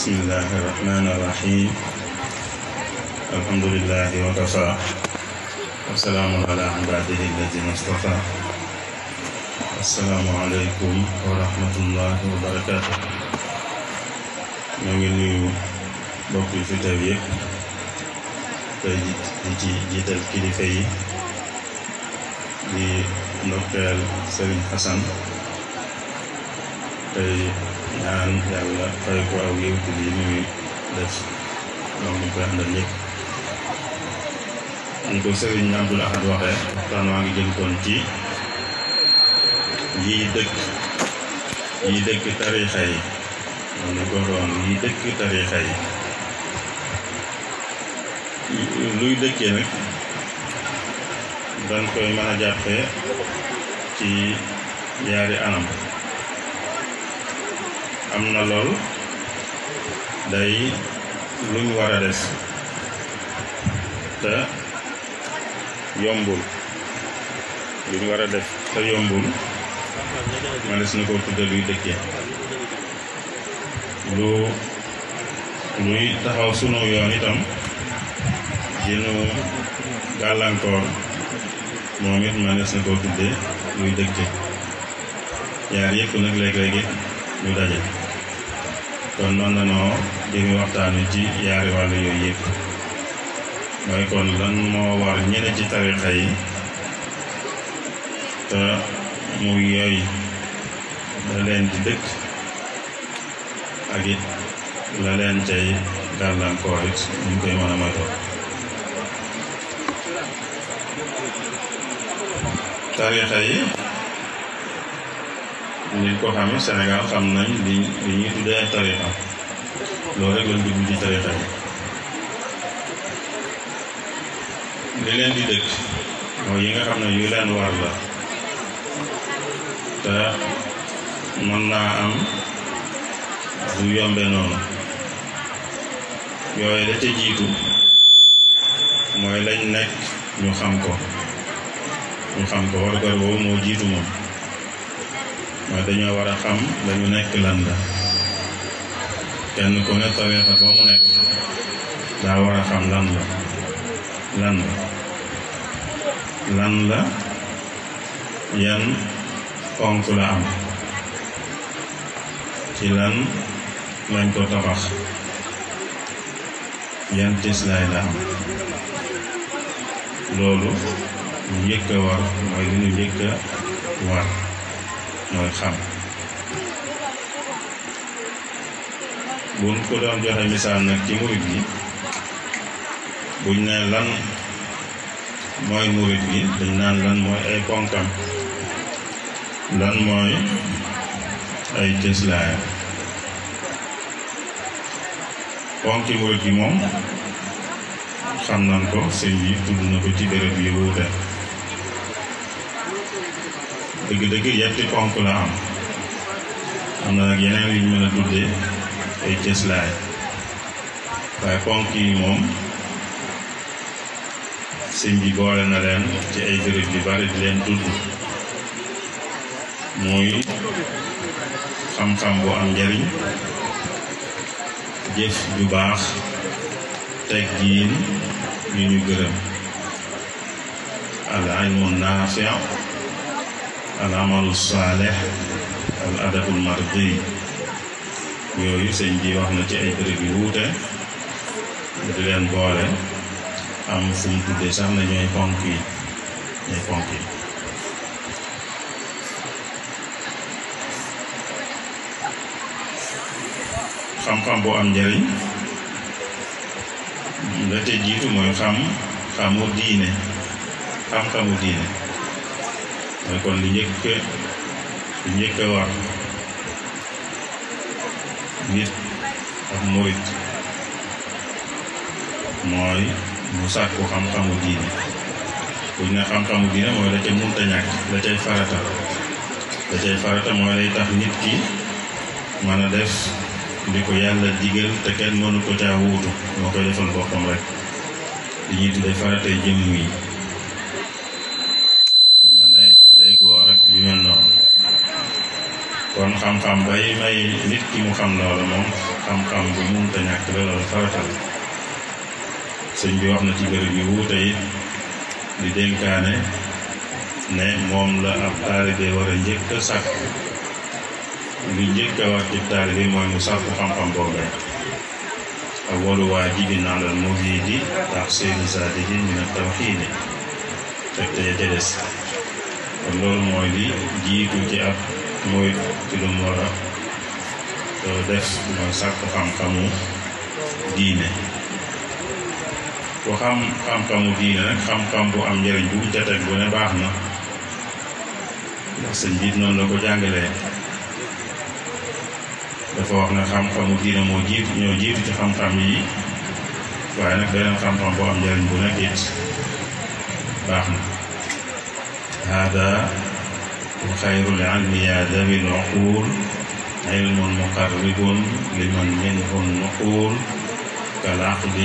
بسم الله الرحمن الرحيم الحمد لله وكفى والسلام على عباده الذين اصطفى السلام عليكم ورحمة الله وبركاته نعم نيو بوكي في تابيك تجي جيت الكليفي لنوكال سليم حسن tey ñaan yàlla fay ko aw yëw ci lii muy def ñoom ñu koy àndal ñu ko sëriñ Abdul Ahad waxee waxtaan waa ngi jël koon ci yi dëkk yi dëkk tariixa yi moom ko luy dëkkee nag dañ koy mën a jàppee ci ñaari anam am na lool day luñ war des te yombul luñ wara def te yombul manes na ko tudde luy dëkke lu luy taxaw sunu yoon itam dinu gàllankoor moom it manes na ko tudde luy dëkke yaar yëpp nag léeg-léegi ñu daje kon mën nañoo jëmi waxtaan wi ci yaari wàll yooyu yëpp mooy kon lan moo war ñeneen ci tarixa yi te mu yooyu la leen di dëkk ak it la leen cay gàllankoor it ñu koy mën a moytoo tarixa yi nit ko xam ne Sénégal xam nañ li li ñuy tuddee tarixa loolu rek lañ dugg ci tarixa yi li leen di dëkk mooy yi nga xam ne yu leen war la te mën naa am du yombe noonu yooyu da ca jiitu mooy lañ nekk ñu xam ko ñu xam ko war gar woowu moo jiitu moom mooy dañoo war a xam dañu nekk lan la kenn ku ne tariixa ba mu nekk daa war a xam lan la lan la lan la yan fonk la am ci lan lañ ko tabax yan tislaay la am loolu njëkk war mooy li ñu njëkk war mooy xam buñ ko doon joxe misaal nag ci murit gi buñ ne lan mooy murit gi dañ naan lan mooy ay ponkam lan mooy ay cëslaayam ponki murit gi moom xam nañ ko sëñ bi tudd na ko ci béréb yi wuute dëgg-dëgg yetti ponk la am am na nag yeneen yuñ mën a tuddee ay cëslaay waaye ponk yi moom sëñ bi boole na leen ci ay béréb yu bari di leen tudd muy xam-xam bu am njariñ jëf ju baax teg jiin yu ñu gërëm al ilmu naafi' al-amal salih al adabul mardi yoyu sëñ di wax na ci ay bërëb yu wuute di leen boole am fu tuddé sax na ñoy ponk yi ñooy ponk yi xam-xam bu am njariñ la te jiitu mooy xam xamu diine xam-xamu diine ne kon li njëkk li njëkk a nit ak murit mooy mu sàkku xam-xamu diine bu ne xam-xamu diine mooy la ca munta ñàkk la cay farata la cay farata mooy lay tax nit ki mën a def li ko yàlla digal te kenn mënu ko caa wuutu moo koy defal boppam rek li ñuy tuddee faratay jëmm yi kon xam-xam bay may nit ki mu xam loola moom xam-xam bu mënta ñàkk la loolu faratal sëñ bi wax na ci bërëb yu wuute yi di dénkaane ne moom la ab taalibe war a njëkk a sàkk lu njëkk a war ci taalibe mooy mu sàkku xam-xam boobu awwalu waajibin alal muriidi tahsiilu zaadihi mina tawxiidi teg te ca des kon loolu mooy li jiitu ci ab murit ci lu mu war a euh, def mooy sàkku xam-xamu diine ku xam xamu diine nag xam-xam bu am njëriñ bu mu jateg bu ne baax na ndax sëñ noonu la ko jàngalee dafa wax ne xam-xamu diine moo jiitu ñoo jiitu ci xam-xam yi waaye nag beneen xam-xam bu am njëriñ bu nekk it baax na hada وخير العلم يا ذوي العقول علم مقرب لمن منه النقول كالعقد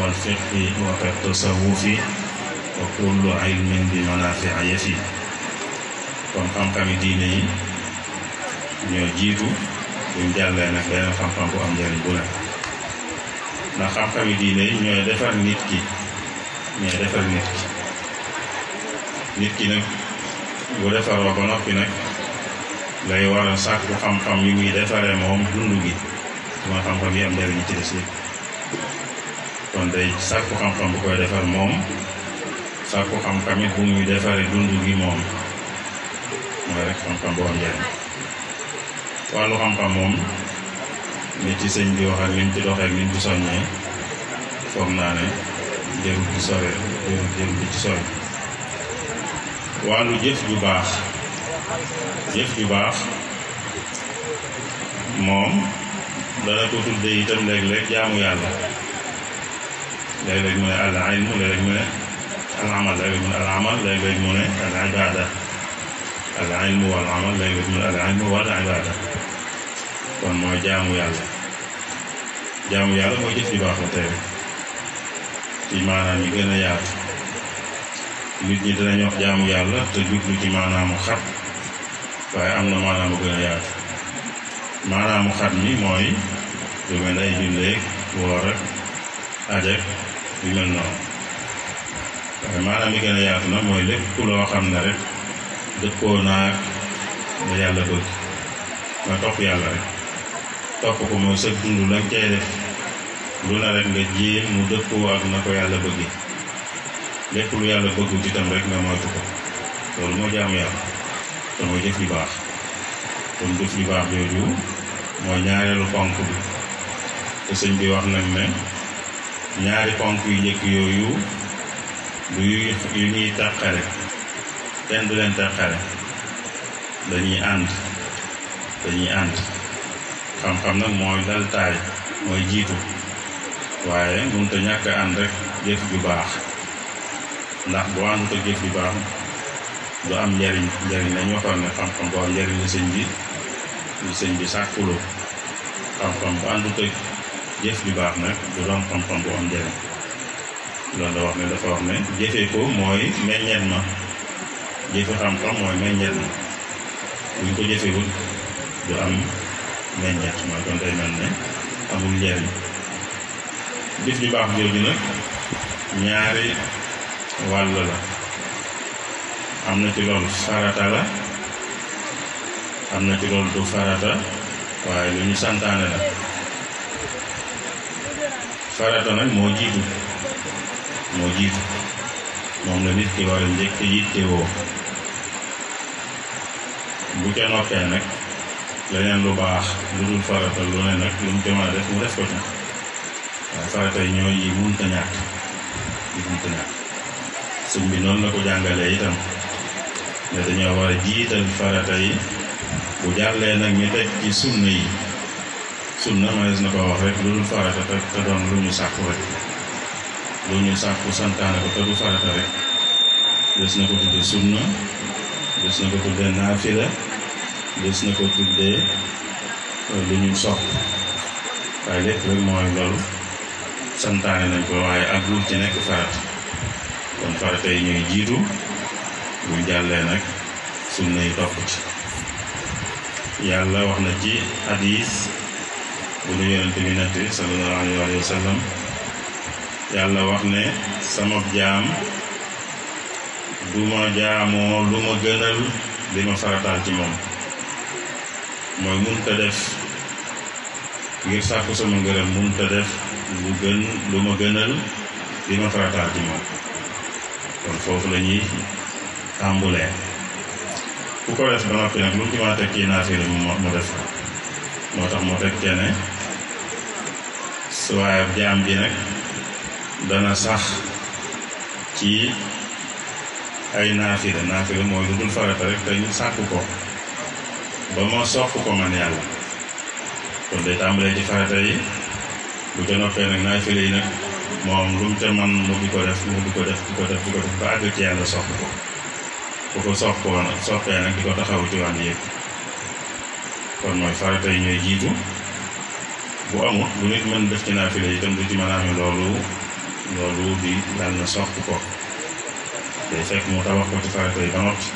والفقه وكالتصوف وكل علم بمنافع يفي kon xam-xami diine yi ñoo jiitu buñ jàllee nag beneen xam-xam bu am njëriñ bu nekk ndax xam-xami diine yi ñooy defar nit ki ñooy defar nit ki nit ki nag bu defaroo ba noppi nag lay war a sàkku xam-xam yi muy defaree moom dund gi mooy xam-xam yi am njëriñ ci des yëpp kon day moom mooy rek xam-xam boo njëriñ wàllu xam-xam moom ni ci sëñ bi wax ak ci doxee ak ci soññee foog naa ne jërul ci sore jërul ci sore wàllu jëf ju baax jëf ju baax moom dana ko tudde itam léeg-léeg jaamu yàlla léeg-léeg mu ne al ilmu léeg-léeg mu ne al amal léeg-léeg mu ne al amal léeg-léeg mu ne al ibada al ilmu wal amal léeg-léeg mu ne al ilmu wal ibada kon mooy jaamu yàlla jaamu yàlla mooy jëf ju baax la tey ci maanaam yi gën a yaatu nit ñi dinañ wax jaamu yàlla te jublu ci maanaamu xat waaye am na maanaamu gën a yaatu maanaamu xat mi mooy lu mel ne ay julleeg woor ak yu mel noonu waaye maanaam yi gën a yaatu na mooy lépp loo xam ne rek naa naag da yàlla bëgg nga topp yàlla rek topp ko mooy sa dund la cay def lu ne rek nga jéem mu dëppoo ak na ko yàlla bëgg lépp lu yàlla bëggul itam rek nga moytu loolu moo jaamu yàlla te mooy jëf yu baax kon jëf yu baax yooyu mooy ñaareelu ponk bi te sëñ bi wax nañ ne ñaari ponk yu njëkk yooyu du yu ñuy tàqale kenn du leen tàqale dañuy ànd dañuy ànd xam-xam nag mooy dal taay mooy jiitu waaye mënut a ñàkk ànd rek jëf ju baax ndax boo am ko jëf ju baax lu am njariñ njariñ lañ waxoon ne xam-xam boo am njariñ bi li sëñ bi jëf ju baax nag du doon xam-xam bu am njariñ loolu da wax ne dafa wax ne jëfee ko mooy meññeet ma jëfe xam-xam mooy meññeet ma buñ ko jëfewul du am meññeet mooy kon day mel ne amul njariñ jëf ju baax jooju nag ñaari wàll la am na ci loolu farata la am na ci loolu du farata waaye lu ñu santaane la farata nag moo jiitu moo jiitu moom la nit ki war a njëkk yittewoo bu ca noppee nag leneen lu baax lu dul farata lu ne nag lu mu ca mën a def mu def ko ci waaye farata yi ñooy yi munta ñàkk yi munta ñàkk sëñ bi noonu la ko jàngale itam ne dañoo war a jiital farata yi bu jàllee nag ñu teg ci sunna yi sunna manees na ko wax rek lu dul farata rek te doon lu ñu sàkku rek na ko euh, waaye lépp mooy loolu santaane nañ ko waaye ak lu ci nekk farata kon farata yi ñooy jiitu bu jàllee nag sunna yi topp ci yàlla wax na ci hadis bu ñu yonent bi nett sallallahu yàlla wax ne sama jaam du ma jaamoo lu ma gënal li ma farataal ci moom mooy mun ta def ngir sàkku sama ngërëm mun ta def lu gën lu ma gënal li farataal ci moom foofu la tàmbulee ku ko def ba noppi nag lu mu a teg kii naafila mu mu def moo tax mu teg kenn su waaye jaam bi nag dana sax ci ay naafila naafila mooy lu dul farata rek te ñu sàkk ko ba ma sopp ko man yàlla kon day tàmbalee ci farata yi bu ca noppee nag naafila yi nag moom lu mu ca man mu di ko def mu di ko def ba àgg ci yàlla sopp ko bu ko soppoo nag soppee nag di ko taxaw ci yëpp kon mooy farata yi ñooy jiitu bu amul lu nit mën def ci naafile itam du ci mën a amee loolu loolu di yàlla sopp ko day fekk mu tabax ko ci farata yi ba noppi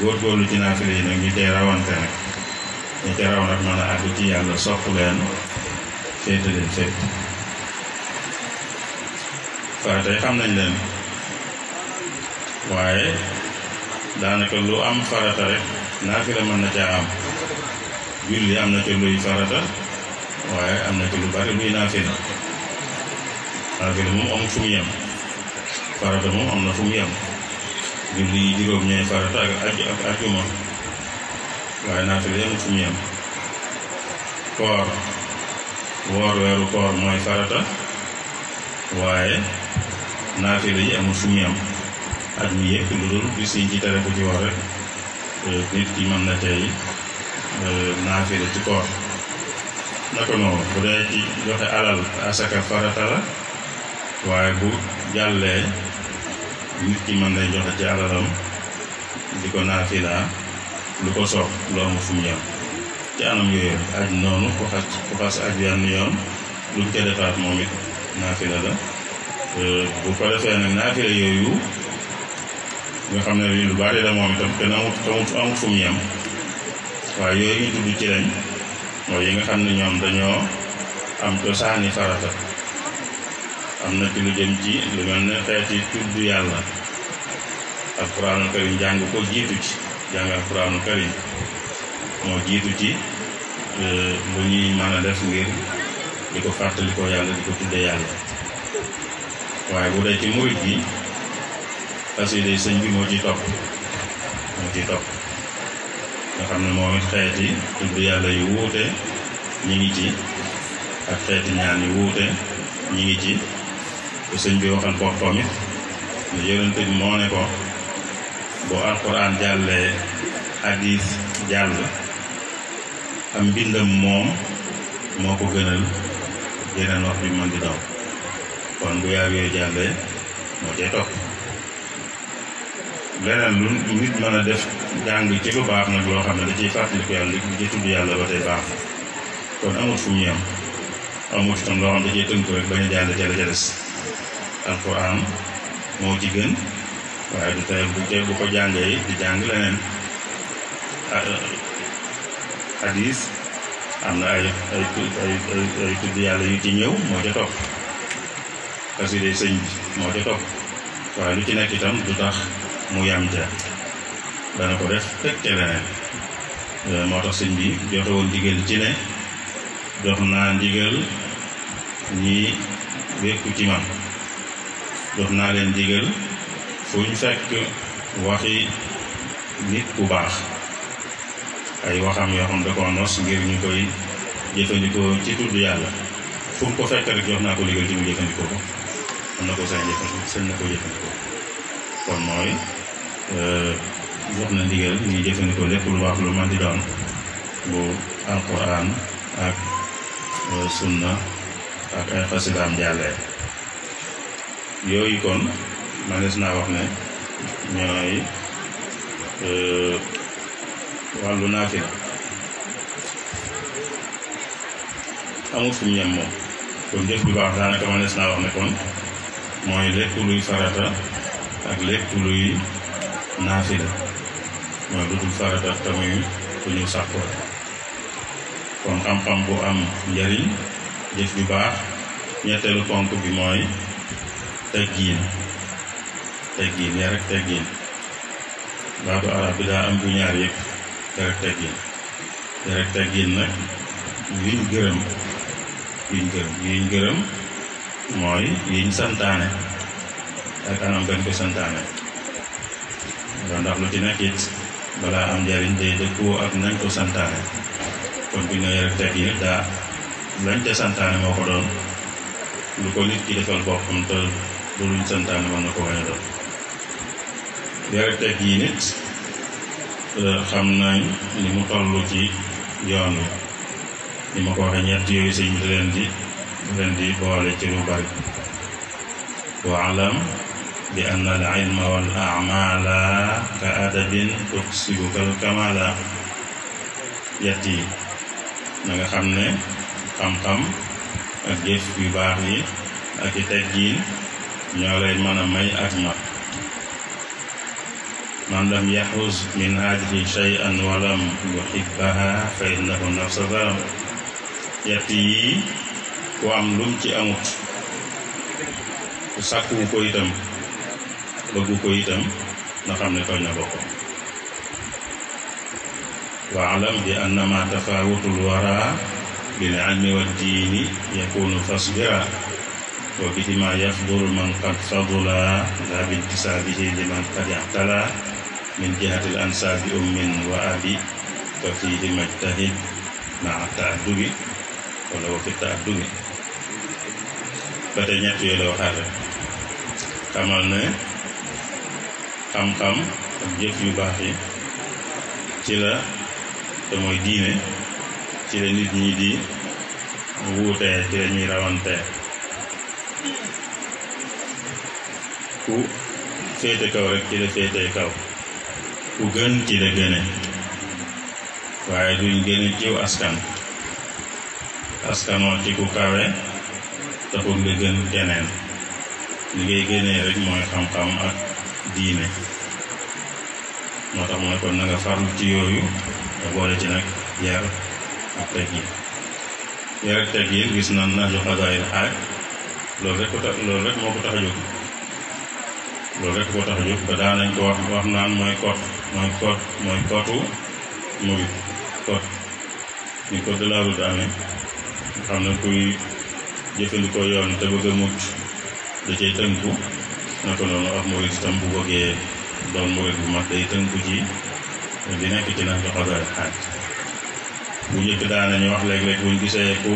góorgóorlu ci naafile yi nag ñu tee rawante nag ñu tee raw nag mën a àgg ci yàlla sopp leen féete leen waaye tey xam nañ leen waaye daanaka lu am farata rek naafila mën na caa am julli am na ca luy farata waaye am na ca lu bari luy naafila naafila moom amul fu mu yem farata moom am na fu mu yem julli yi ñooy farata ak aju ak ajuma waaye naafila yemul fu mu yem koor woor weeru koor mooy farata waaye naafila yi amul fu muy am at mi yëpp lu dul bi siñ ci tere bu ci wax rek euh, nit ki mën na tey euh, naafila ci koor naka noonu bu dee ci joxe alal asaka farata waaye bu jàllee nit ki mën nay joxe ci alalam di ko naafila lu ko soob lu amul fu mu yem ci anam yooyu aj noonu ku xas aj yenn yoon luñ ca defaat moom it naafila la Euh, bu ko defee nag naafila yooyu nga xam ne lii lu bari la moom itam kenn amut amut amut fu mu waaye yooyu ñu tudd ci lañ mooy yi nga xam ne ñoom dañoo am cosaani farata am na ci lu jëm ci lu mel ne xeeti tudd yàlla alquraanu karim jàng ko jiitu ci jàng alquraanu karim moo jiitu ci euh, lu ñuy mën a def ngir di ko fàttalikoo yàlla di ko tuddee yàlla waaye bu dee ci murit gi xasida sëñ bi moo ci topp moo ci topp nga xam ne moom it xeeti tudd yàlla yu wuute ñi ngi ci ak xeeti ñaan yu wuute ñi ngi ci te sëñ bi waxan boppam it ne yonente moo ne ko boo alquran jàllee hadis jàll am mbindam moom moo ko gënal yeneen wax bi mën di daw kon bu yaa wee jàllee moo cay topp leneen lu nit mën a def jàng ci lu baax nag loo xam ne da ciy fàttaliku yàlla li ci tudd yàlla ba tey baax kon amut fu mu yem amut itam loo xam da ciy tënk rek bañ a jàll ca la ca des alquran moo ci gën waaye du tey bu tey bu ko jàngee di jàng leneen hadis am na ay ay ay ay tudd yàlla yu ci ñëw moo ca topp xasida sëñ bi moo ca topp waaye lu ci nekk itam du tax mu yam ca dana ko def teg te leneen euh, moo tax sëñ bi joxe woon ndigal ci ne jox naa ndigal ñi wékku ci man jox naa leen ndigal fu ñu fekk waxi nit ku baax ay waxam yoo xam da ko nos ngir ñu koy jëfandikoo ci tudd yàlla fu mu ko fekk rek jox naa ko ndigal ci mu jëfandikoo mën na koo sañ jëfandikoo sañ na koo jëfandikoo kon mooy wax euh, na ndigal ñuy jëfandikoo lépp lu baax lu man di doon bu alquran ak euh, sunna ak ay xasidaam jàllee yooyu kon manees naa wax ne ñooy euh, wàllu naafila amul fu mu yem moom kon jëf bu baax daanaka manees naa wax ne kon mooy lekului luy farata ak lépp luy naafila mooy lu dul farata tamuy ku ñu kon xam-xam bu am yari def bi baax ñettelu ponk bi tagin tagin ya rek tagin ba do ala bi da am bu ñaar yek rek tagin rek tagin nak teggiin gërëm yuñ gërëm gërëm mooy yiñ santaane ak anam gën ko santaane ndax lu ci nekk it balaa am njariñ day dëppoo ak nañ ko santaane kon bu ñu nee rek teg daa lañ santaane moo ko doon lu ko nit ki defal boppam te du luñ santaane mën na ko bañ a doon yore yi nit e, xam nañ ni mu toll ci yoon wi ni ma ko waxee ñett yooyu sëñ bi di leen di boole ci lu bari waalam bi ann al ilma wal amala ka adabin tuksibuka al kamala yett yi na nga xam ne xam-xam ak jëf yu baax yi ak i teggiin ñoo lay mën a may ak mat man lam yaxrus min ajri shay'an walam yuhibbaha fa innahu nafsa zalam yett yi ku am lum ci amut ku sàkkuwu ko itam bëggu ko itam na xam ne tooñ na boppam wa alam bi annama tafawutul wara bil ilmi wa diini yakunu fasbira wa bihima yafduru man qad fadula la bi intisabihi liman qad ihtala min jihati al ansaabi ummin wa abi fa fiihi majtahid maa taadubi wala wa fi taadubi ba tey ñett yooyu la waxaat xamal ne xam-xam ak jëf yu baax yi ci la te mooy diine ci la nit ñi di wuutee ci la ñuy rawante ku féete kaw rek ci la féetee kaw ku gën ci la gëne waaye duñ gëne ciw askan askanoo ci ku kawe taxul nga gën keneen li ngay génnee rek mooy xam-xam ak diine moo tax mooy kon na nga farlu ci yooyu nga boole ci nag yar ak teg yi yar ak teg yi gis nan na jox la xaaj loolu rek ko tax loolu rek moo ko tax a jóg loolu rek ko tax a jóg ba daa nañ ko wax wax naan mooy kot mooy kot mooy kotu murit kot ni ko de la route amee xam na kuy jëfandikoo yoon te bëgg a mucc da cay tënku naka noonu ab murid tam bu ji di nekk ci nax ju xadar xaaj bu njëkk daanañu wax léeg-léeg buñ gisee ku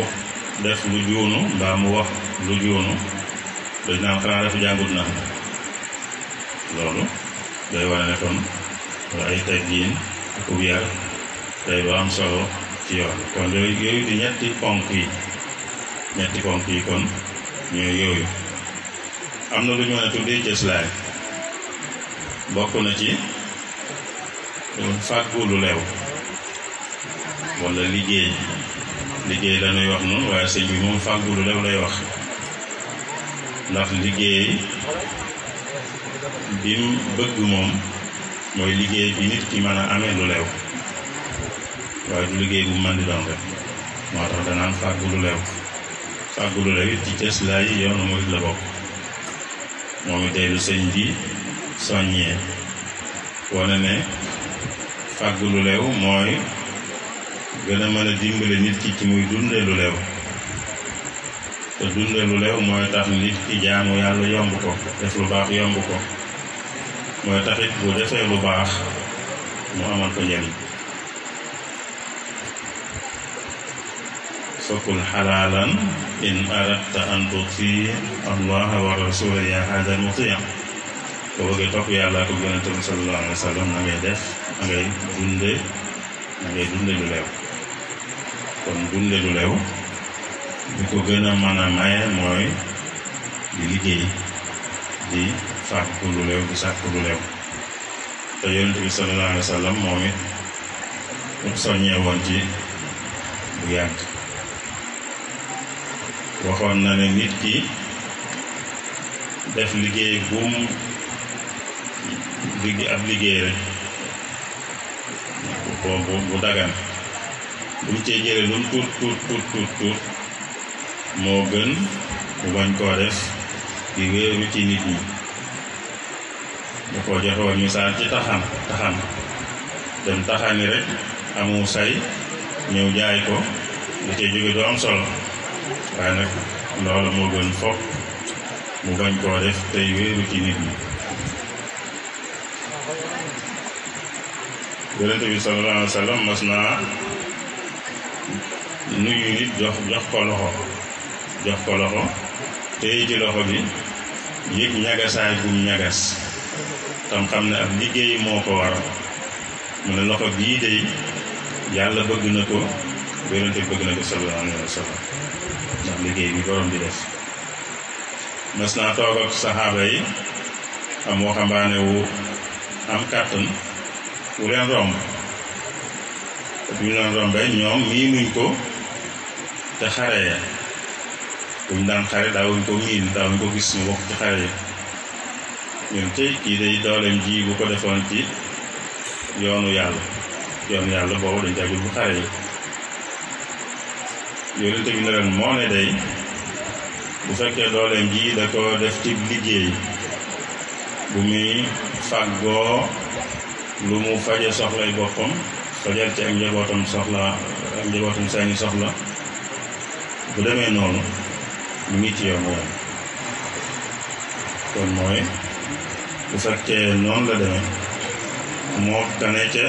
def lu juunu mbaa mu wax lu juunu dañ naan xanaa dafa jàngut na loolu day wane ne kon ay teggiin ak yar day ba solo ci yoon kon yooyu yooyu ñetti ponk yi ñetti ponk yi kon ñooy yooyu am na lu ñu mën tuddee cëslaay bokk na ci fàggu lu lew wala liggéey liggéey lañuy wax noonu waaye sëñ bi moom fàggu lu leew lay wax ndax liggéey bi mu bëgg moom mooy liggéey bi nit ki mën a amee lu lew waaye du liggéey bu mën di doon rek moo tax danaan fàggu lu leew fàggulu la it ci cës laay yow mooy murit la bokk moom it day lu sëñ bi soññee wane ne fàggu lu leew mooy gën a mën a dimbale nit ki ci muy dunde lu leew te dunde lu leew mooy tax nit ki jaamu yàlla yomb ko def lu baax yomb ko mooy taxit bu defee lu baax mu amal ko njëriñ فكن حلالا إن أردت أن تطفي الله ورسوله يا هذا المطيع ko bëgg topp yàlla ko yonente bi sallallahu alayhi wa sallam na ngay def na ngay dunde na ngay dunde lu leew kon dunde lu leew li ko gën a mën a maye mooy di liggéey di fàkku lu leew di sàkku lu leew te yonente bi sallallahu alayhi wa sallam moom it soññee woon ci bu yàgg waxoon na ne nit ki def liggéey buum liggéey ab liggéey rek bu bu dagan bu mu cee jëlee lu mu tuut tuut tuut tuut moo gën mu bañ koo def di wéeru ci nit ñi bu ko joxoon misaal ci taxam taxam dem taxani rek amu say ñëw jaay ko lu cee jóge du am solo waaye nag loola moo gën fopp mu bañ koo def tey wéeru ci nit ñi yonente bi sallallahu wa sallam mas naa nuyu nit jox jox ko loxo jox ko loxo tey ci loxo bi yëg ñagasaay bu ñagas tam xam ne ab liggéey moo ko waral mu ne loxo bii day yàlla bëgg na ko yonente bëgg na ko sallallahu wa sallam liggéey bi borom bi def mas naa toog ak saxaaba yi am waxambaane wu am kàttan wu leen romb bi ñu leen rombee ñoom mii muñ ko te xare ya buñ daan xare daawuñ ko miin daawuñ ko gis mu bokk ci xare ya ñun tey kii day dooleem ji bu ko defoon ci yoonu yàlla yoonu yàlla boobu dañ jàggul bu xare yi yonente bi ne moo ne day bu fekkee dooleem ji da ko def ci liggéey bu muy fàggoo lu mu faje soxlay boppam fajal ci ak njabootam soxla ak njabootam seeni soxla bu demee noonu mu ngi ci yoon woon kon mooy bu fekkee noonu la demee moo tane ca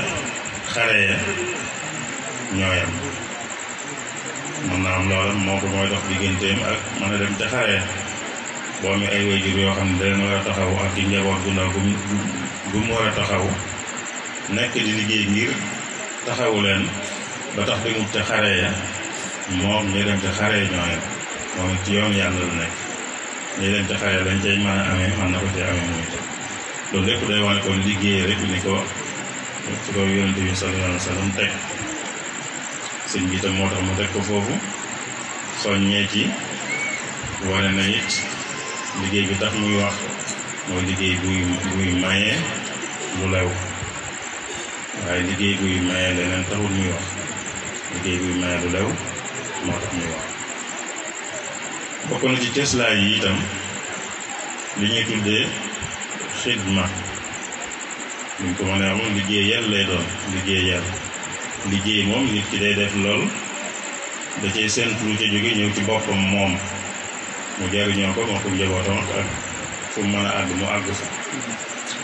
xare ya ñooyam naam loola moo ko mooy dox digganteem ak mën a dem ca xare boo mi ay wayjur yoo xam ne dañ war a taxaw ak ci njaboot gu ndaw gu mu war a taxaw nekk di liggéey ngir taxawu leen ba tax demut ca xare ya moom ñu dem ca xare ñooyam moom it ci lañ cay a amee mën na ko cee amee moom itam loolu lépp day wane kon liggéey rek ni ko ci ko yonente bi sallallahu alayhi teg sëñ bi moo tax mu teg ko foofu soññee ci wane na it liggéey bi tax muy wax mooy liggéey buy buy maye lu lew waaye liggéey buy maye leneen taxul muy wax liggéey buy maye lu lew moo tax muy wax bokk na ci teslaay yi itam li ñuy tuddee xidma luñ ko mën a am liggéey yàlla lay doon liggéey yàlla liggéey moom nit ki day def lool da cay séntu lu ca jóge ñëw ci boppam moom mu jariñoo ko moo ko njabootam ak fu mu mën a àgg mu àgg fa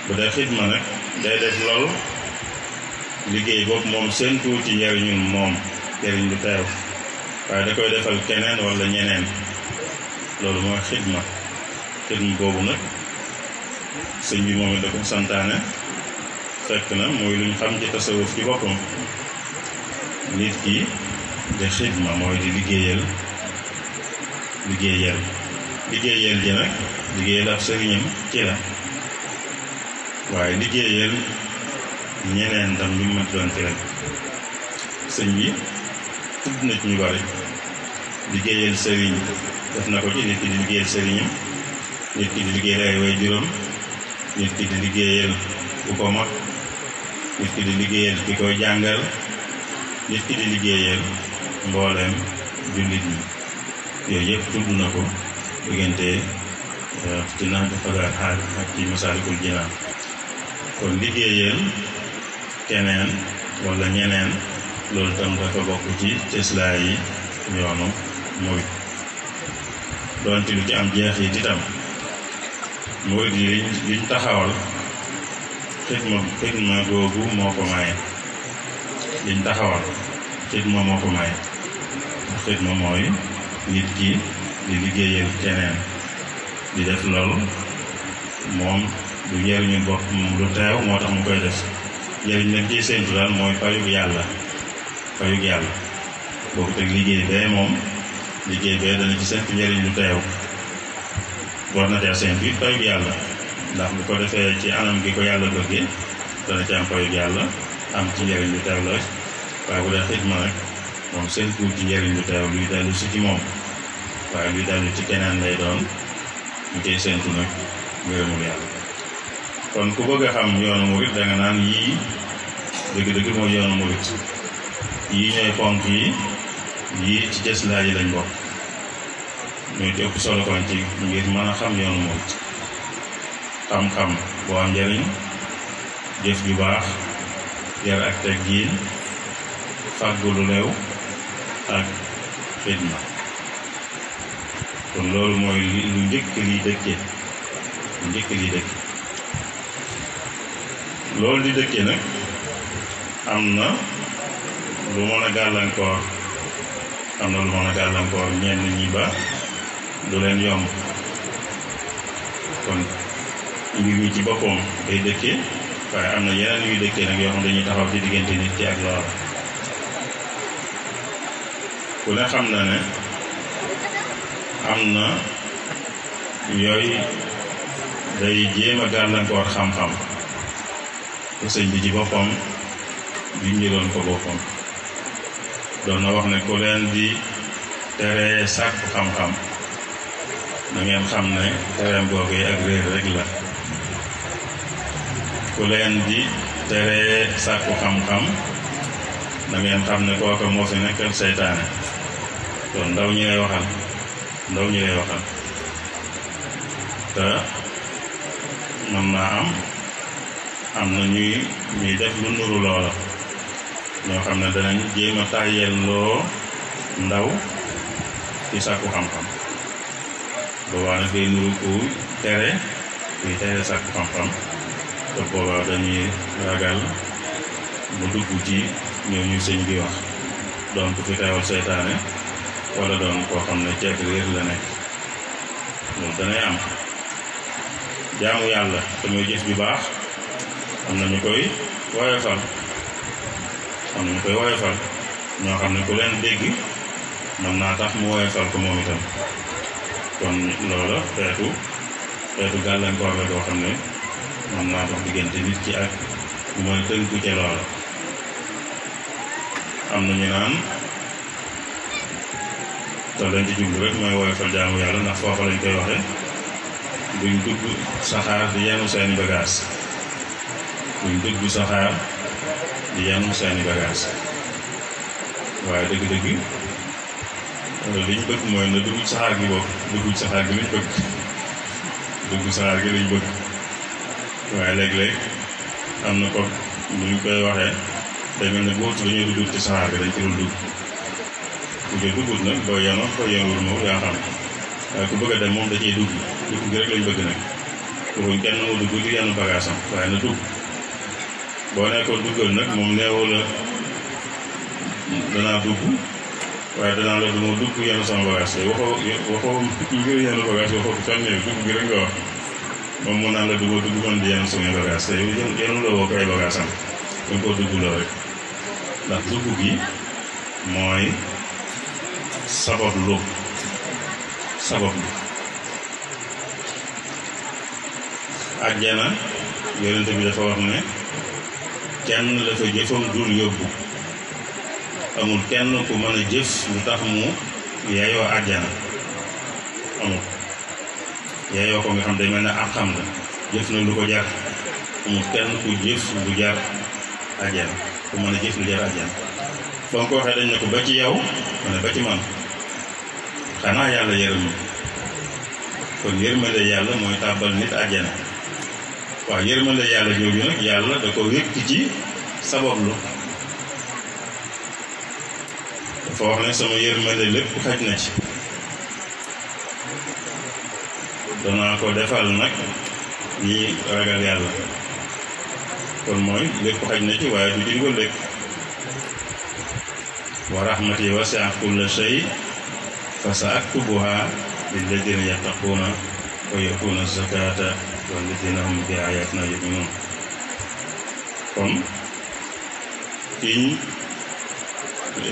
bu dee xidma nag day def loolu liggéey boobu moom séntu ci njariñul moom njariñ lu teew waaye da koy defal keneen wala ñeneen loolu mooy xidma xidma boobu nag sëñ bi moom it da ko santaane fekk na mooy luñ xam ci tasawuf ci boppam nit ki de xidma mooy di liggéeyal liggéeyal liggéeyal ji nag liggéeyal ab sëriñam ci la waaye liggéeyal ñeneen tam ñu mat doon ci rek sëñ bi tudd na ci ñu bari liggéeyal sëriñ def na ko ci nit ki di liggéeyal sëriñam nit ki di liggéeyal ay way juróom nit ki di liggéeyal bu ko mag nit ki di liggéeyal ki koy jàngal nit ki di liggéeyal mboolem jullit ñi yooyu yëpp tudd na ko diggante ci euh, naatu fagaar xaaj ak ci masaalikul jinaan kon liggéeyal keneen wala ñeneen loolu tam dafa bokk ci cëslaa yi yoonu muy doonte lu ci am jeex yi itam murid yi liñ liñ taxawal xidma xidma googu moo ko maye liñ taxawal xidma moo ko maye xidma mooy nit ki di liggéeyal keneen di def loolu moom du njëriñu bopp moom du teew moo tax mu koy def njëriñ lañ ciy séntu daal mooy payug yàlla payug yàlla boobu teg liggéey bee moom liggéey bee dana ci séntu njëriñ lu teew war na teew séntu it payug yàlla ndax bu ko defee ci anam gi ko yàlla bëggee dana ci am payug yàlla am ci njëriñ lu teew la waaye bu dee xidma rek moom sëriñ ci njëriñu daaw luy dellu si ci moom waaye luy dellu ci keneen lay doon ñu tey séntu nag ngërëmul yàlla kon ku bëgg xam yoonu murit da nga naan yii dëgg-dëgg mooy yoonu murit yii ñooy ponk yi yii ci jëslaay yi lañ bokk ñooy ci ëpp solo kon ci ngir mën a xam yoonu murit xam-xam boo am njëriñ jëf ju baax yar ak teggiin fàggu lu leew ak xidma kon loolu mooy li lu njëkk li dëkkee njëkk li dëkkee loolu di dëkkee nag am na lu mën a gàllankoor am na lu mën a gàllankoor ñenn ñi ba du leen yomb kon mbir mi ci boppam day dëkkee waaye am na yeneen yuy dëkkee nag yoo xam dañuy taxaw ci diggante nit ki ak loola ku ne xam na ne am na yooy day jéem a gàllankoor xam-xam te sëñ bi ci boppam junj doon ko boppam doon na wax ne ku leen di teree sàkku xam-xam na ngeen xam ne tereem googu yi ak réer rek la ku leen di teree sàkku xam-xam na xam ne kooka moo fi nekkal seytaane kon ndaw ñi lay waxal ndaw ñi waxal te mën naa am am na ñuy ñuy def lu nuru loola ñoo xam ne danañ jéem a tàyyeel loo ndaw ci sàkku xam-xam boobaa nag day nuru kuy tere kuy tere sàkku xam-xam te boobaa dañuy ragal mu dugg ci ñoo ñu sëñ bi wax donc fi teewal seytaane wala doon koo xam ne ceeb réer la nekk loolu danay am jaamu yàlla te muy jëf ju baax am na ñu koy woyofal am na koy woyofal ñoo xam ne ku leen dégg mën naa tax mu woyofal ko moom itam kon loola xeetu xeetu gàllankoor la boo xam ne mën naa dox diggante nit ki ak mooy tënku ca loola am na ñu naan te lañ ci jublu rek mooy woyofal jaamu yàlla ndax foofa lañ koy waxe duñ dugg saxaar di yenu seeni bagaas duñ dugg saxaar di yenu seeni bagaas waaye dëgg-dëgg liñ bëgg mooy na dugg saxaar gi bopp dugg saxaar gi liñ bëgg dugg saxaar gi liñ bëgg waaye léeg-léeg am na ko luñ koy waxee day mel ne bootu la ñuy dugg ci saxaar gi dañ ci dugg ku ca duggut nag boo yenn na dugg boo nekkoon waaye danaa la duma dugg yenn sama bagaasam danga ko dugg la rek ndax dugg gi mooy sabab lu sabab lu àjjana ah, yonent bi dafa wax ne kenn la jëfam dul yóbbu amul kenn ku mën a jëf lu tax mu yaayoo àjjana amul yaayoo ko nga xam day mel ne àqam la jëf na lu ko jar amul kenn ku jëf lu jar àjjana ku mën a jëf lu jar àjjana ba nga ko waxee dañ ne ko ba ci yow ma ne ba ci man xanaa yàlla yërëm kon yërmande yàlla mooy tàbbal nit àjjana waaw yërmande yàlla jooju nag yàlla da ko wékk ci sabablu dafa wax ne sama yërmande lépp xaj na ci danaa ko defal nag ñi ragal yàlla kon mooy lépp xaj na ci waaye du ci dugal lépp wa rahmati wasi'at kulla shay fa sa aktubuha lilladina yattaquuna wa yutuuna zakata walladina hum bi ayatina yuminuun kon kiñ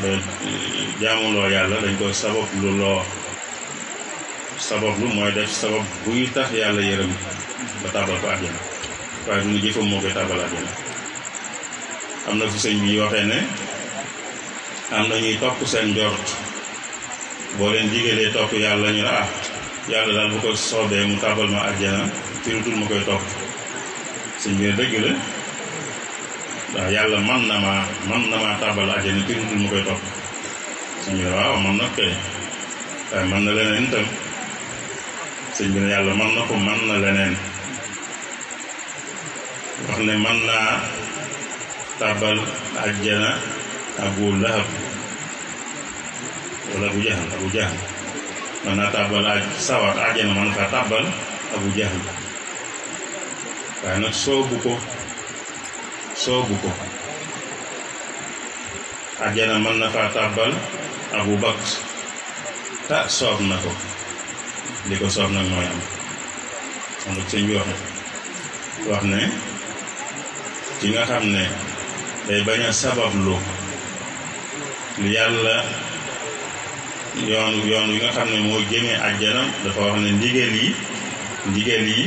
eh, jaamuloo yàlla dañ koy sabab lu loo sabab lu mooy def sabab buy tax yàlla yërëm ba tàbbal ko àjjana waaye du ñu jëfam moo koy tàbbal àjjana am na fu sëñ bi waxee ne am na ñuy topp seen njort boo leen digalee topp yàlla ñu ne ah yàlla daal bu ko soobee mu tàbbal ma àjjana tirutul ma koy topp sëñ bi dëgg la man na maa man na maa tàbbal àjjana koy topp sëñ man na kay waaye man na leneen itam sëñ bi ne yàlla man na ko man na leneen wax ne man naa tàbbal àjjana Abu Lahab wala abu jahal abu jahal man naa tàbbal aj sawar ajjana man faa tàbbal abu jahal waaye nag soobu ko soobu ko ajjana mën na faa tàbbal abu bakr ta soob na ko li ko soob nag mooy am xam ne ki nga xam ne day bañ a sabablu li yàlla yoon yoon wi nga xam ne moo jëmee àjjana dafa wax ne ndigal yi ndigal yi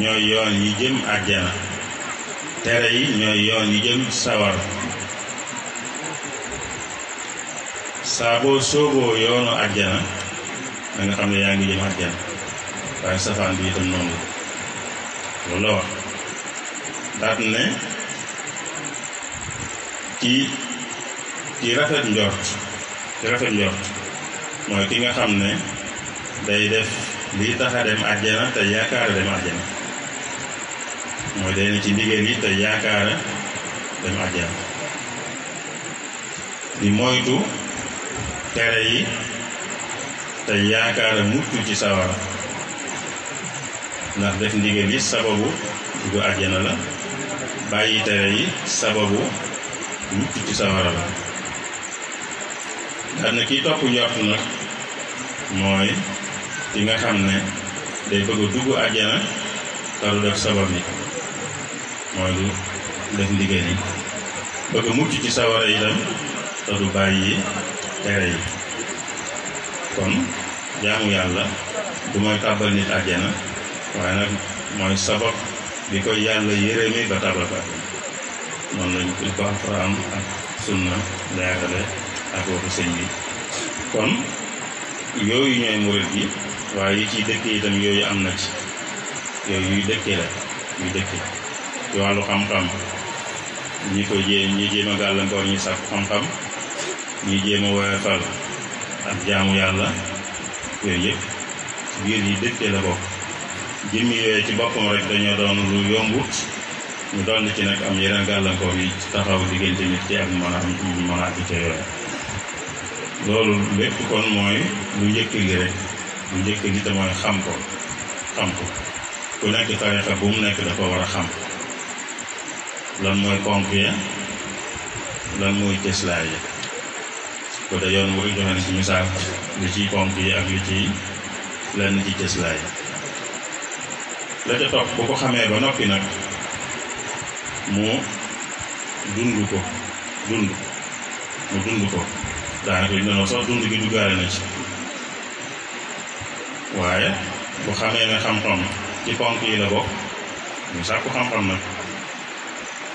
ñooy yoon yi jëm àjjana tere yi ñooy yoon yi jëm sawar saa boo sooboo yoonu àjjana da xam ne yaa ngi jëm àjjana waaye safaan bi itam noonu loolu la wax daat ne ci ci rafet njort ci rafet njort mooy ki nga xam ne day def lii tax a dem àjjana te yaakaara dem àjjana mooy day ne ci ndigal yi te yaakaara dem àjjana di moytu tere yi te yaakaara mucc ci sawara ndax def ndigal yi sababu dugg àjjana la bàyyi tere yi sababu mucc ci sawara la xam ne kii topp njort nag mooy ki nga xam ne day bëgg dugg àjjana te du def sabab yi mooy du def ndigal yi bëgg mucc ci sawara yi te du bàyyi tere yi kon jaamu yàlla du mooy tàbbal nit àjjana waaye nag mooy sabab bi koy yàlla yërëmi ba tàbbal ko àjjana noonu lañ ko alxuraan ak sunna leerale ak waxu sëñ bi kon yooyu ñooy murit yi waaye yi ciy dëkk itam yooyu am na ci yooyu yuy dëkkee la yuy dëkkee ci wàllu xam-xam ñi ko jéem ñi jéem a gàllankoor ñi sàkk xam-xam ñi jéem a woyofal ak jaamu yàlla yooyu yëpp biir yi dëkkee la bokk jëmmi yooyu ci boppam rek dañoo doon lu yomb ñu doon ci nag am yeneen gàllankoor yi taxaw diggante nit ci ak mën a am loolu lépp kon mooy lu njëkk li rek lu njëkk li te mooy xam ko xam ko ku nekk tarixa bu mu nekk dafa war a xam lan mooy ponk ya lan mooy cëslaay ya ko de yoon mooy joxe na ci misaal li ciy ponk yi ak li ciy lenn ci cëslaay la ca topp bu ko xamee ba noppi nag mu dund ko dund mu dund ko daanaka li ñu wax sax dund gi duggaale na ci waaye bu xamee ne xam-xam ci ponk yi la bokk muy sàkku xam-xam nag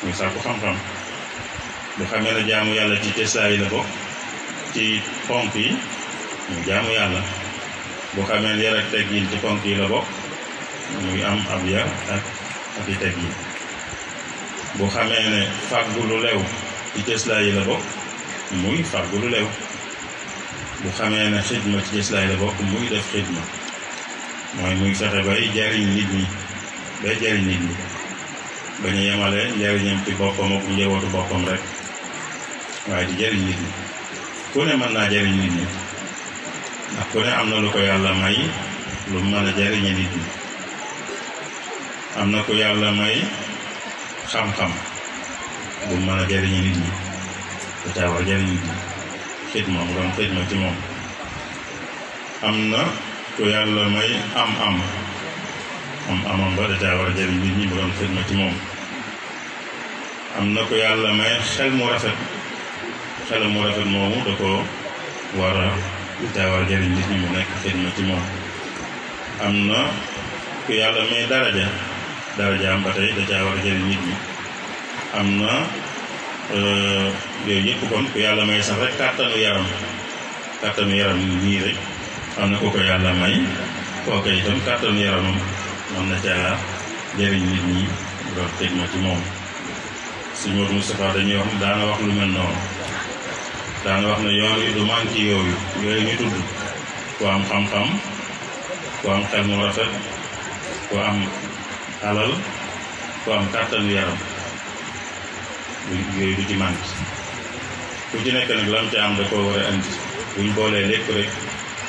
muy sàkku xam-xam bu xamee ne jaamu yàlla ci tesaa yi la bokk ci ponk yi muy jaamu yàlla bu xamee ne yar ak teggin ci ponk yi la bokk muy am ab yar ak ak i teggin bu xamee ne fàggu lu lew ci tesaa yi la bokk. muy fàggu lu lew bu xamee ne xidma ci islaam la bokk muy def xidma mooy muy fexe bay jariñ nit ñi bay jariñ nit ñi ba ñu yemale njariñam ci boppam ak njabootu boppam rek waaye di jariñ nit ñi ku ne mën naa jariñ nit ñi ndax ku ne am na lu ko yàlla may lu mën a jariñe nit ñi am na ku yàlla may xam-xam bu mën a jariñe nit ñi fataawa jariñ ji doon xidma ci moom am na ku yàlla may am am am war jariñ nit ñi mu doon xidma ci moom am na ku yàlla may xel mu rafet xel mu rafet moomu da ko war a dataa war jariñ nit ñi mu nekk xidma ci moom am na ku yàlla may daraja daraja am ba tey dataa war jariñ nit ñi am na Euh, yooyu yëpp kon ku yàlla may sax rek kàttanu yaram kàttanu yaram nii rek am na ku ko yàlla may kooka itam kàttanu yaramam mën na caa jëriñ nit ñi doon teg moom suñ Mor dañuy wax daana wax lu mel noonu daana wax ne yoon wi du manqué yooyu yooyu ñu tudd ku am xam-xam ku am xel mu rafet ku am alal ku am kàttanu yaram yooyu du ci manqué ku ci nekk nag lam ca am da koo war a andi bu boolee lépp rek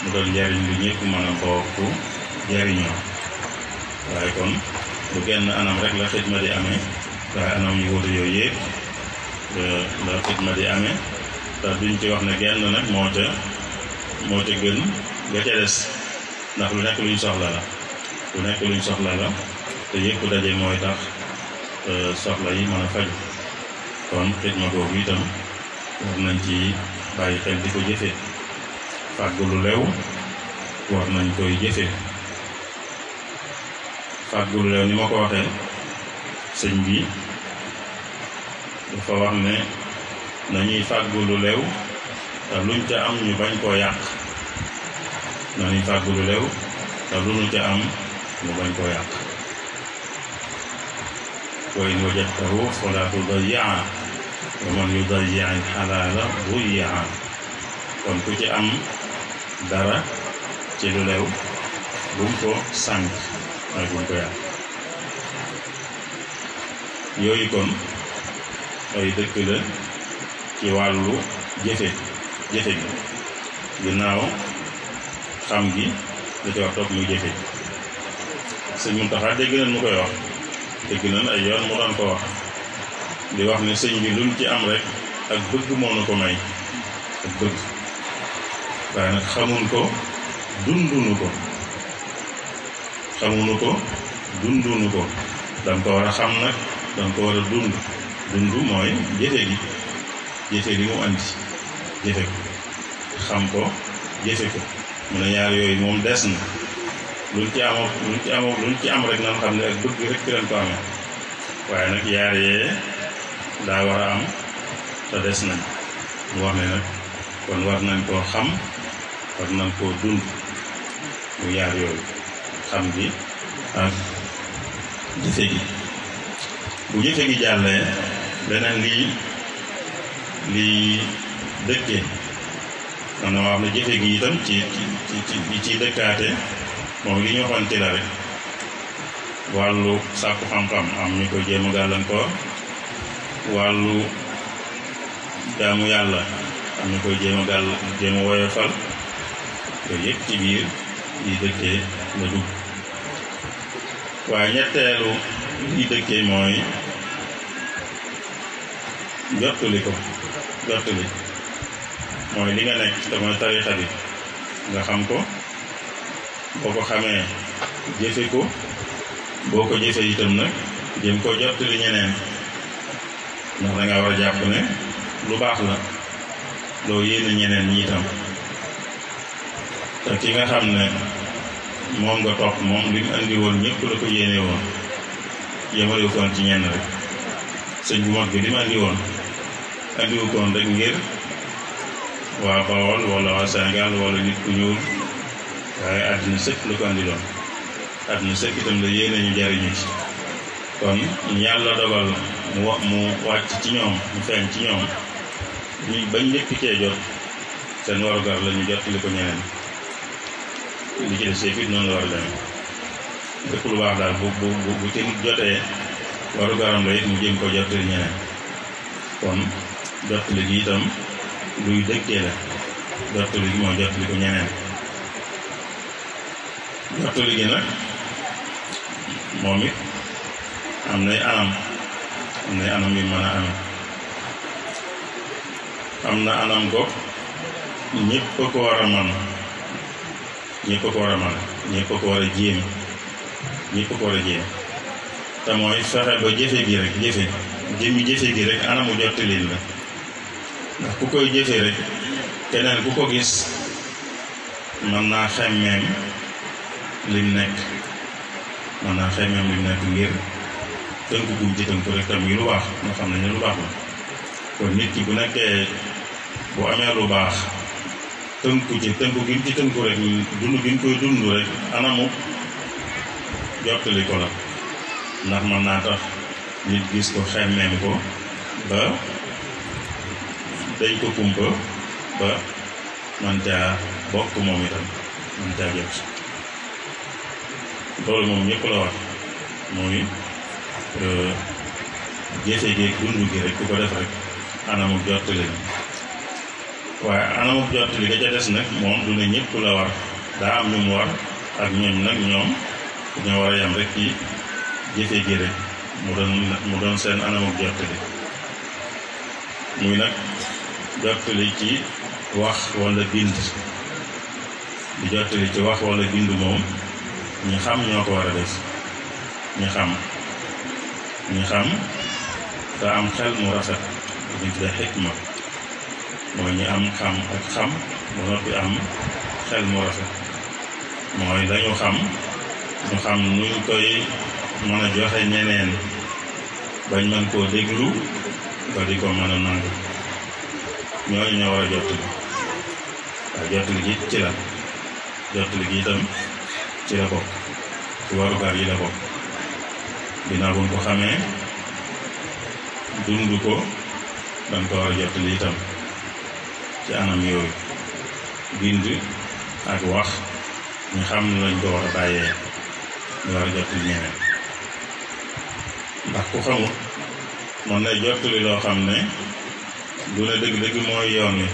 mu doon njariñ lu ñëpp mën a bokk jariñoo waaye kon bu genn anam rek la xidma di amee waaye anam yu wuute yooyu yëpp euh, la xidma di amee ndax duñ ci wax ne genn nag moo ca moo ca gën ga ca des ndax lu nekk luñ soxla la lu nekk luñ soxla la te yëpp daje mooy tax euh, soxla yi mën a faju kon xidma boobu itam war nañ ci bàyyi xel di ko jëfee fàggu lu lew war nañ koy jëfee fàggu lu lew ni ma ko waxee sëñ bi dafa wax ne nañuy fàggu lu lew te luñ ca am ñu bañ koo yàq nañuy fàggu lu lew te lu ñu ca am ñu bañ koo yàq wa in wajadtahu falaa tudayyi'hu ومن يضيع الحلال ضيع kon ku ci am dara ci lu lew bu mu ko sànq mooy bu mu ko yàq yooyu kon ay dëkk la ci wàllu jëfe jëfe bi ginnaaw xam gi da ci wax topp muy jëfe sëñ Muntaxa dégg nañ mu koy wax dégg nañ ay yoon mu daan ko wax di wax ne sëñ bi luñ ci am rek ak bëgg moo nu ko may ak bëgg waaye nag xamuñ ko dunduñu ko xamuñu ko dunduñu ko dañ ko war a xam nag dañ ko war a dund dund mooy jëfe gi jëfe gi mu andi jëfe ko xam ko jëfe ko mu ne ñaar yooyu moom des na luñ ci amoo luñ ci amoo luñ ci am rek nan xam ne ak bëgg rek ci lañ ko amee waaye nag yaar yee daa war a am te des nañ mu wax ne nag kon war nañ koo xam war nañ koo dund mu yaar yooyu xam gi ak jëfe gi bu jëfe gi jàllee beneen lii lii dëkke man na wax ne jëfe gi itam ci ci ci ci dëkkaate moom li ñu waxoon ci la sàkku xam-xam am ñu ko jéem a gàllankoor wàllu jaamu yàlla am na koy jéem a gàll jéem woyofal yooyu yëpp ci biir yi dëkkee la dugg waaye ñetteelu yi dëkkee mooy jottali ko jottali mooy li nga nekk te mooy tarixa bi nga xam ko boo ko xamee jëfe ko boo ko jëfe itam nag jëm ko jottali ñeneen ndax da ngaa war a jàpp ne lu baax la loo yéene ñeneen ñi te ki nga xam ne moom nga topp moom li mu andi woon ñëpp la ko yéene woon yemale koon ci ñenn rek sëñ bu mag bi li mu andi woon andiwu koon rek ngir waa Bawol wala waa Sénégal wala nit ku ñuul waaye àddina sëkk la ko andi loon àddina sëkk itam la yéene ñu jariñu ci kon yàlla dogal mu wax mu wàcc ci ñoom mu feeñ ci ñoom ñu bañ lépp cee jot seen warugar la jot li ko ñeneen li ci des it noonu la war a lu baax daal bu bu bu ci jotee warugaram la it mu jéem ko jottali ñeneen kon jottali gi itam luy dëkkee la jottali gi mooy moom it am nay anam. am na anam yu mën a amee am na anam goog ñëpp ko war a man ñëpp ko war a man ñëpp ko war a jéem ñëpp ko war a jéem te mooy fexe ba jëfe gi rek jëfe jëmmi jëfe gi rek anamu jottalin la ndax ku koy jëfe rek keneen ku ko gis mën naa xemmeem lim nekk mën naa xemmeem lim nekk ngir tënk buñ ci tënk rek tam muy lu baax nga xam ne ne lu baax la kon nit ki bu nekkee bu amee lu baax tënku ci tënku gi ci tënku rek dund gi koy dund rek anamu jottali ko la ndax mën naa tax nit gis ko xemmeem ko ba dañ ko kumpa ba man bokk moom itam man jot loolu moom ñëpp la wax mooy jëfe géeg dund gi rek ku ko def rek anamuk jottali na waaye anamuk jottali ga ca des nag moom du ne ñëpp la war daa am ñu mu war ak ñooñ nag ñoom ñoo war a yem rek ci jëfe gi rek mu doon mu doon seen anamuk jottali muy nag jottali ci wax wala bind di jottali ci wax wala bind moom ñi xam ñoo ko war a def ñi xam ñu xam te am xel mu rafet ñu tuddee xikma mooy ñu am xam ak xam ba noppi am xel mu rafet mooy dañu xam ñu xam nuñ koy mën a joxe ñeneen bañ mën koo déglu ba di ko mën nangu ñooñu ñoo war a jottali waaye jottali gi ci la jottali gi itam ci la bokk ci warugar yi la bokk ginnaaw bu ñu ko xamee dund ko dañ ko war a jottali itam ci anam yooyu bind ak wax ñu xam ne lañ ko war a bàyyee ñu war a jottali ñeneen ndax ku xamul mën na jottali loo xam ne du ne dëgg-dëgg mooy yoon wi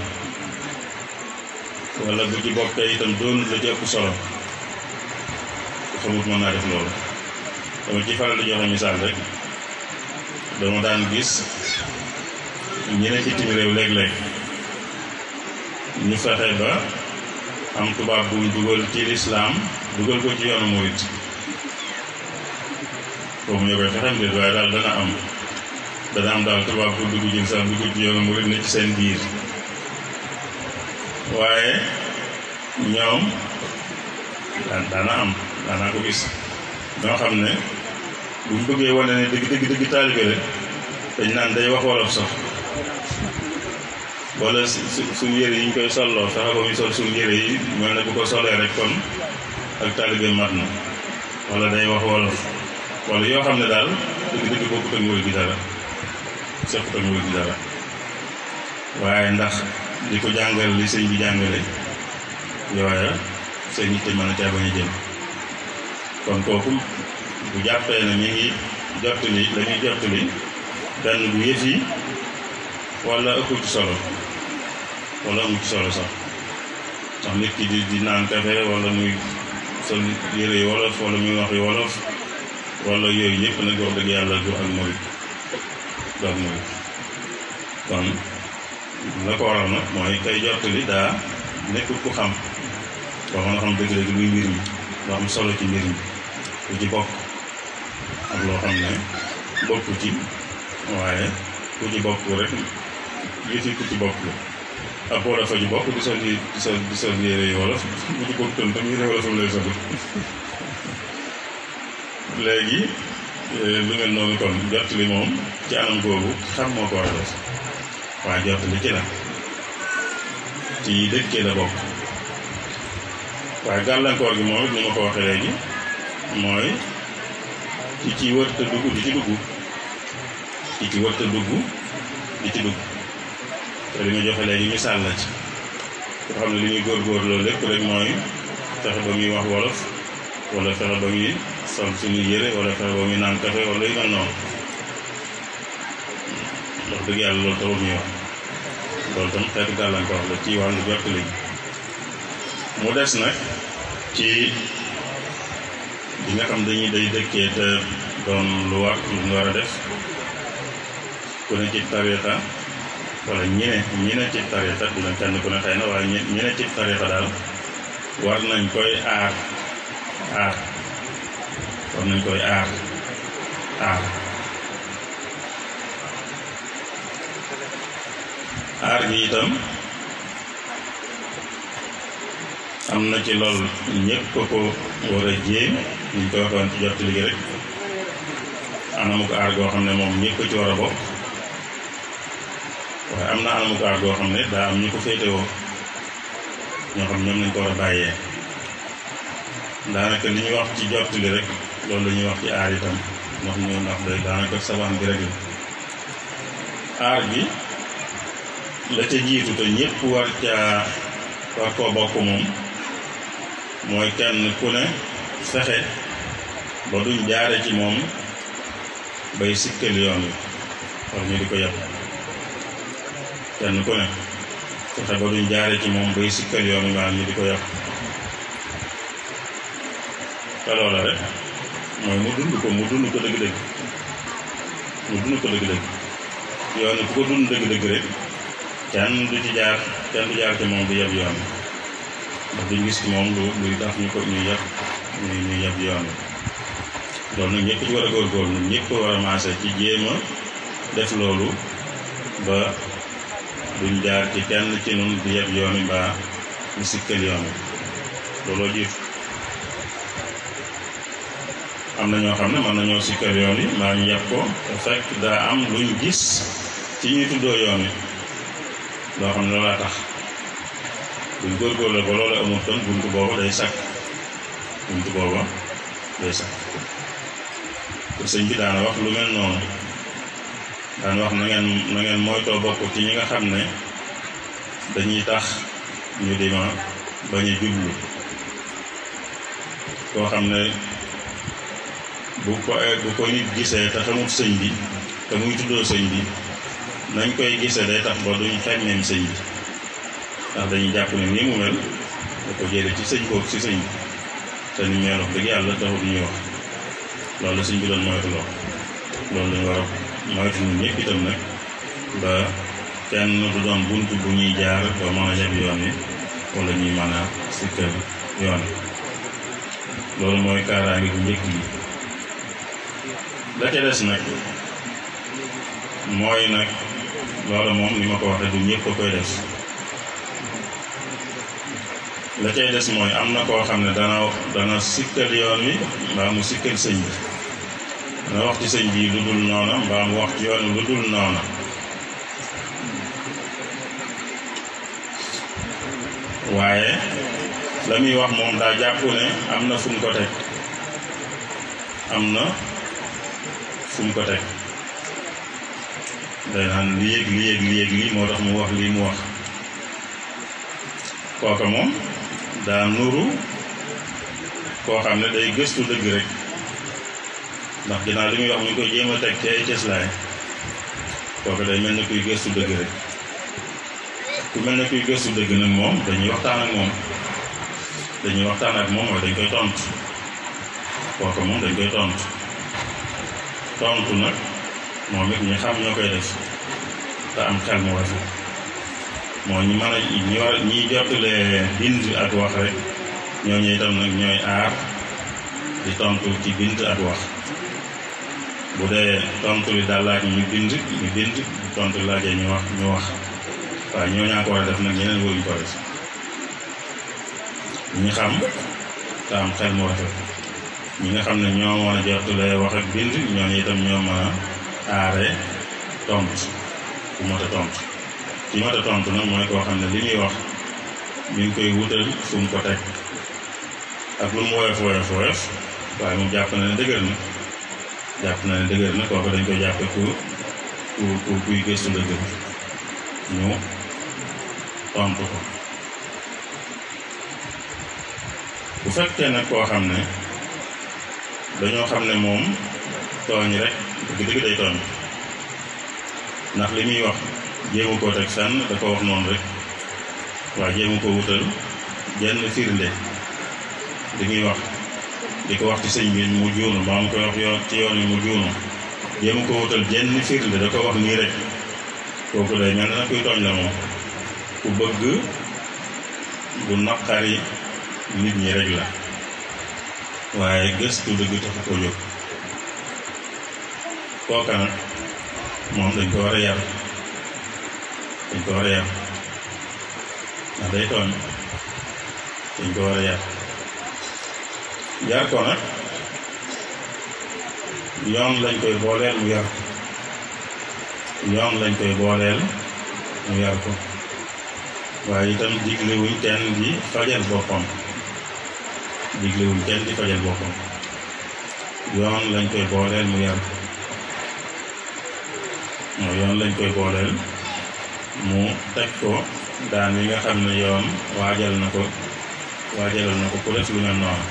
wala bu ci bokkee itam doon la jëpp solo ku xamut mën naa def loolu dama ci faral di joxe misaal rek dama daan gis ñi ne ci tim réew ñu fexe ba am tubaab bu mu ci lislaam dugal ko ci yoonu murit boobu ñoo koy fexem waaye daal dana am dana am seen biir waaye daana ko gis ñoo xam ne bu ñu bëggee wane ne dëgg dëgg dëgg dañ naan day wax wolof sax wala su su yére yi ñu koy solloo fexe ba muy sol suñu yére yi mel na bu ko solee rek kon ak taalibe mat na wala day wax wolof wala yoo xam ne daal dëgg dëgg bokkut ak wér gi dara sequt ak wér gi dara waaye ndax di ko jàngal li sëñ bi jàngale yooya sëñ it mën a caa bañ kon kooku bu jàppee ne ñu ngi jottali la ñuy jottali benn bu yëf yi wala ëpp ci solo wala amul ci solo sax ndax nit ki di di naan kafe wala muy sol yére yu wolof wala muy wax yu wolof wala yooyu ñëpp nag wax dëgg yàlla du ak murit du ak murit kon ko waral nag mooy kay jottali daa nekkul ku xam koo mën a xam dëgg-dëgg luy mbir mi loo xam solo ci mbir mi ku ci bokk loo xam ne bokku ci waaye ku ci bokkul rek yëti ku ci bokkul ab wolof a ñu bokk di sol di sol di sol yére yi wolof bu ci bokkutoon tam yére wolofam lay sol léegi eh, lu mel noonu kon jot li moom ci anam googu xam moo ko war a def waaye jot li ci la ci dëkkee la bokk waaye gàllankoor gi moom it ni ko waxee léegi mooy yi ci warta dugg di ci dugg yi ci warta dugg di ci dugg te li ma joxe léegi misaal ci nga xam ne li ñuy góorgóorloo lépp rek mooy fexe ba muy wax wolof wala fexe ba muy sol suñu yére wala fexe ba muy naan café wala yu mel noonu ndax dëgg yàlla loolu taxul ñuy wax loolu tam xeetu gàllankoor la ci wàllu jot léegi mu des nag ci yi nga xam dañuy day dëkkee te doon lu war ci ñu war a def ku ci tarixa wala ñi ne ñi ne ci tarixa dina kenn ku ne xëy waaye ñi ci tarixa daal war nañ koy aar aar war nañ koy aar aar aar gi itam am na ci lool ñëpp ko war a jéem ñu ko waxoon ci jot liggéey rek anamu ko aar goo xam ne moom ñëpp ci war a bokk waaye am na anamu ko aar goo xam ne daa am ñu ko féetewoo ñoo xam ñoom lañ ko war a bàyyee daanaka li ñuy wax ci jot li rek loolu lañuy wax ci aar itam ndax ñu ndax day daanaka sabaan bi rek la aar bi la ca jiitu te ñëpp war caa war koo bokk moom mooy kenn ku ne fexe ba duñ jaare ci moom bay sikkal yoon wi wax ñu di ko yàpp kenn ku ne fexe ba duñ jaare ci moom bay sikkal yoon wi maam di ko yàpp te rek mooy mu dund ko mu dund ko dëgg-dëgg mu dund ko dëgg-dëgg yoon ku ko dund dëgg-dëgg rek kenn du ci jaar kenn du jaar ci moom bi yàpp yoon ndax dañu gis moom lu luy tax ñu ko ñu yàq ñu ñu yàq yoon loolu nag ñëpp ci war a góorgóorlu ñun ñëpp ci jéem def loolu ba duñ jaar ci kenn ci nun di yàq yoon mbaa ñu sikkal yoon na ñoo xam ne mën nañoo yi mbaa ñu yàq ko te fekk daa am luñ gis ci ñuy tuddoo yoon yi loo xam ne loolaa tax buñ góorgóorloo ba loolu amul kon buntu booba day sàkk buntu booba day sàkk sëñ bi daana wax lu mel noonu daan wax na ngeen na ngeen nga xam ne dañuy tax ñu di ma bañ a jublu koo xam ne bu ko bu ko nit gisee te xamut sëñ bi te muy tuddoo sëñ bi nañ koy gisee day tax ba duñ xemmeem sëñ bi ndax dañuy jàpp ne nii mu mel da ko jële ci sëñ boobu si sëñ te ni mel wax dëgg yàlla taxul ñuy wax loolu la sëñ bi doon moytuloo loolu lañ war a moytu ñun itam nag ba kenn du doon bunt bu ñuy jaar ba mën a jab yoon yi wala ñuy mën a sikkal yoon yi loolu mooy kaaraange bu njëkk yi la ca des nag mooy nag loolu moom ni ma ko waxee du ñëpp a koy des la cay des mooy am na koo xam ne dana dana sikkal yoon wi mbaa mu sikkal sëñ bi dana wax ci sëñ bi lu dul noona mbaa mu wax yoon lu dul noona waaye la muy wax moom daa jàpp ne am na fu mu ko teg am na fu mu ko teg day naan li yëg li yëg li yëg lii moo tax mu wax lii mu wax kooka moom daa nuru koo xam ne day gëstu dëgg rek ndax dinaa li muy wax mu ngi koy jéem a teg ci ay cëslaay kooku day mel ne kuy gëstu dëgg rek ku mel ne kuy gëstu dëgg nag moom dañuy waxtaan ak moom dañuy waxtaan ak moom mooy dañ koy tontu kooku moom dañ koy tontu tontu nag moom it ñi xam ñoo koy def te am xel mu rafet moo ñu mën a ñi war ñiy bind ak wax rek ñooñu itam nag ñooy aar di tontu ci bind ak wax bu dee tontu li daal laaj ñu bind ñu bind tontu laajee ñu wax ñu wax waaye ñoo ñaa ko war a def nag ñeneen wóoruñu ko def ñi xam te xel mu rafet ñi nga xam ne ñoo mën a jottale wax ak bind ñooñu itam ñoo mën a ku mot a tontu. ki mat tontu nag mooy koo xam ne li muy wax mi ngi koy wutal fu ko teg ak lu mu woyof woyof woyof waaye moom jàpp na ne dëgër na jàpp na ne dëgër na kooku dañ koy jàppe ku ku ku kuy gëstu dëgër ñu tontu ko bu fekkee nag koo xam ne dañoo xam ne moom tooñ rek dëgg-dëgg day tooñ ndax li muy wax jéema koo teg fenn da ko wax noonu rek waaye jéema koo wutal jenn firnde di muy wax di ko wax ci sëñ bi mu juunu mbaa mu koy wax yoon ci yoon yi mu juunu jéema koo wutal jenn firnde da ko wax nii rek kooku day mel na kuy tooñ la moom ku bëgg bu naqari nit ñi rek la waaye gëstu dëgg taxu ko jóg kooka nag moom dañ ko war a yar Victoria na Dayton Victoria yar ko nag yoon lañ koy booleel mu yar ko yoon lañ koy booleel mu yar ko waaye itam diglewuñ kenn di fajal boppam diglewuñ kenn di fajal boppam yoon lañ koy booleel mu yar ko yoon lañ koy booleel mu teg ko daan yi nga xam ne yoon waajal na ko waajalal na ko ku def lu mel noonu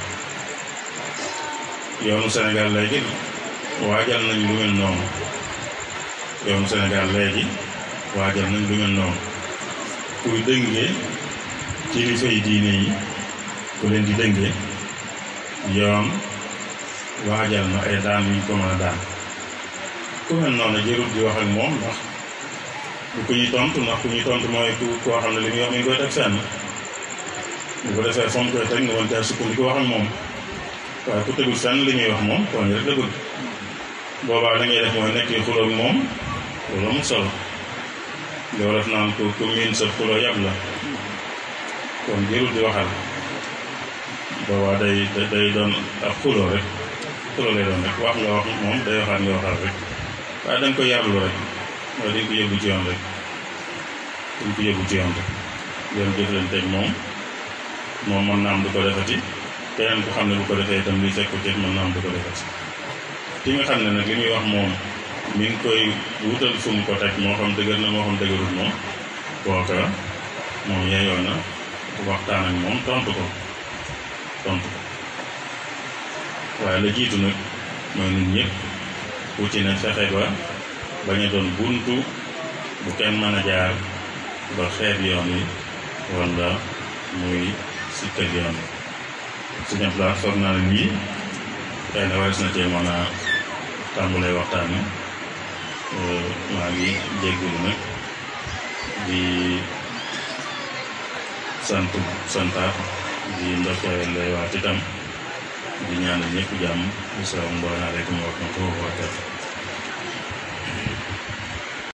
yoonu Sénégal léegi waajal nañ lu mel noonu yoonu Sénégal léegi waajal nañ lu mel noonu kuy dëngee kilifa yi diine yi ku leen di dëngee yoon waajal na ay daan yuñ ko mën a daan ku mel noonu jërut di wax ak moom ndax du ku ñuy tontu ndax ku ñuy tontu mooy ku koo xam ne li muy wax mi ngi koy teg fenn bu ko defee fa mu koy teg nga mën wax ak moom li muy wax moom tooñ rek dëggul boobaa li ngay def mooy nekk xulóog moom loolu amul solo yow def naan ku ku miin sa la kon jërul di waxal boobaa day day doon ak xulóo rek xulóo lay doon rek wax nga wax moom day waxaat nga waxal rek waaye da nga koy yablu rek. mooy dañ ko yóbbu ci yoon rek dañ ko yóbbu ci yoon rek yoon jëflante ak moom moom mën naa du ko defati keneen ko xam ne bu ko defee itam luy fekk ci mën naa du ko defati ki nga xam ne nag li muy wax moom mi ngi koy wutal fu ko teg moo xam dëgër na moo xam dëgërul moom kooka moom yeyoon waxtaan ak moom tontu ko tontu ko waaye la jiitu nag mooy ñun ñëpp wuti na fexe ba bañ doon buntu bu kenn mën a jaar ba xeeb yoon yi wala muy sikkal yoon yi si ñëpp laa naa ne nii xëy na wees na cee mën a tàmbalee waxtaan euh, maa ngi jéggul nag di sant santaat di ndokkeel waat itam di ñaanal ñëpp jàmm di salaam wa rahmatulah wa barakaatu